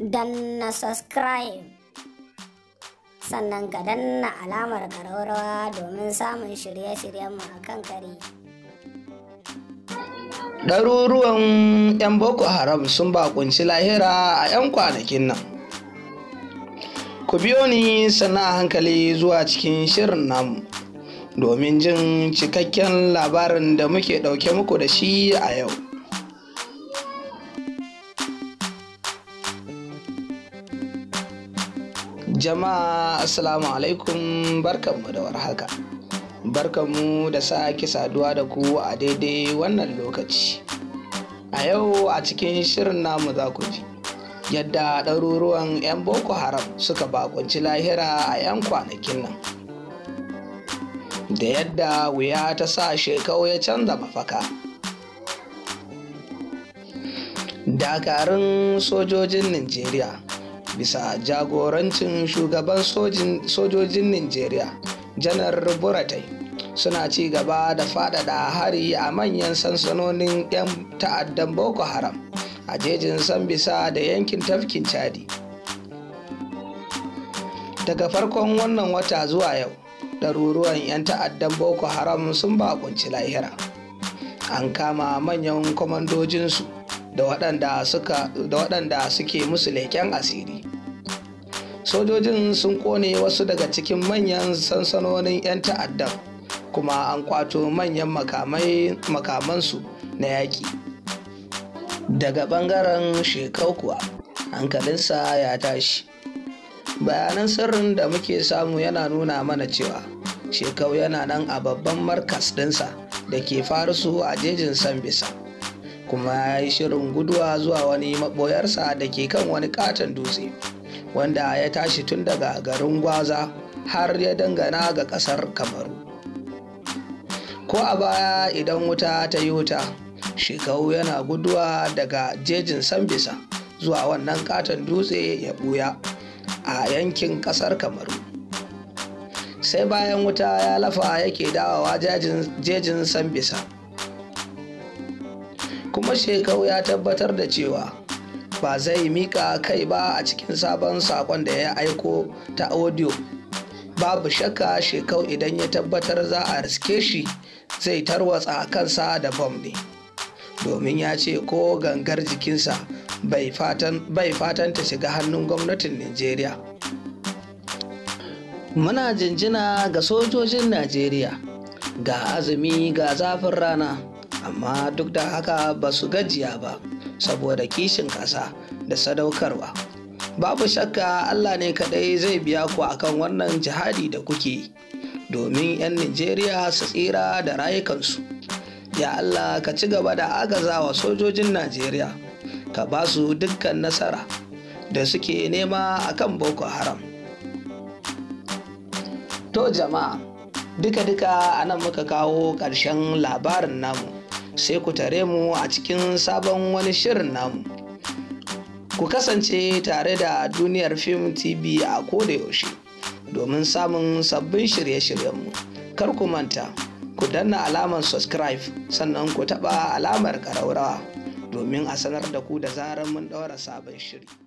na subscribe sannan ka danna alamar garaurawa domin samun shirye-shiryenmu a kan kare ɗaruruwan 'yan boko haram sun bakunci lahira a 'yan kwanakin nan ku biyo ni sana hankali zuwa cikin shirin namu domin jin cikakken labarin da muke ɗauke muku da shi a yau Jama'a Assalamu alaikum barkanmu da warhaka. Barkanmu da sake saduwa da ku a daidai wannan lokaci. A yau a cikin shirin namu za ku ji yadda ɗaruruwan 'yan Boko Haram suka bakunci lahira a 'yan kwanakin nan. Da yadda wuya ta sa shekau ya canza mafaka. Dakarun sojojin Najeriya. bisa jagorancin shugaban sojojin Nijeriya, janar Buratai, suna ci gaba da faɗaɗa hari a manyan sansanonin 'yan ta'addan Boko Haram a jejin san bisa da yankin tafkin Chadi. Daga farkon wannan wata zuwa yau, ɗaruruwan 'yan ta'addan Boko Haram sun bakunci lahira. An kama manyan kwamandojinsu. da waɗanda suke musu leƙen asiri sojojin sun ƙone wasu daga cikin manyan sansanonin 'yan ta'addan kuma an kwato manyan makamansu na yaƙi daga ɓangaren shekau kuwa hankalinsa ya tashi bayanan sirrin da muke samu yana nuna mana cewa shekau yana nan a babban markas ɗinsa da ke faru su a jejin bisa. kuma ya yi shirin guduwa zuwa wani maɓoyarsa da ke kan wani katon dutse wanda ya tashi tun daga garin gwaza har ya dangana ga ƙasar kamaru ko a baya idan wuta ta yi wuta shekau yana guduwa daga jejin sambisa zuwa wannan katon dutse ya ɓuya a yankin ƙasar kamaru sai bayan wuta ya lafa yake dawowa jejin sambisa kuma shekau ya tabbatar da cewa ba zai mika kai ba a cikin sabon sakon da ya aiko ta audio babu shakka shekau idan ya tabbatar za a riske shi zai tarwatsa a kansa da bom ne domin ya ce ko gangar jikinsa bai fatan ta shiga hannun gwamnatin najeriya muna jinjina ga sojojin najeriya ga azumi ga zafin rana amma duk da haka ba su gajiya ba saboda kishin ƙasa da sadaukarwa babu shakka allah ne kaɗai zai biya ku akan wannan jihadi da kuke domin 'yan Nijeriya su tsira da rayukansu ya allah ka ci gaba da agazawa sojojin najeriya ka ba su dukkan nasara da suke nema akan boko haram to jama'a duka-duka a nan muka kawo ƙarshen labarin namu sai ku tare mu a cikin sabon wani shirin namu ku kasance tare da duniyar fim tv a yaushe domin samun sabbin shirye-shiryenmu kar ku manta ku danna alamar subscribe sannan ku taɓa alamar ƙaraurawa domin a sanar da ku da zarar mun ɗaura sabon shiri